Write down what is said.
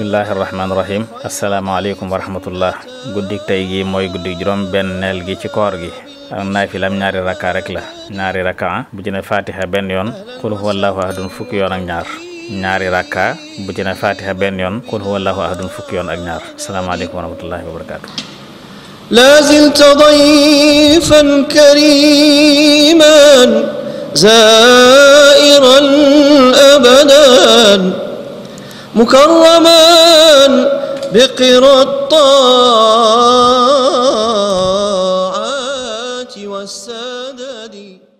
bismillahi rahmaani rahim asalaamaaleykum wa rahmatullah guddik tey gi mooy guddik juróom benneel gi ci koor gi ak naafilam ñaari rakka rek la ñaari rakka bu ci ne fatiha benn yoon qul huwallahu ahadun fukki yoon ak ñaar ñaari rakka bu ci ne fatiha benn yoon qul huwallahu ahadun fukki yoon ak ñaar asalaamaaleykum wa rahmatullahi wa barakaatu la zilta dayfan kariman zairan abadan مكرما بقرى الطاعات والسدد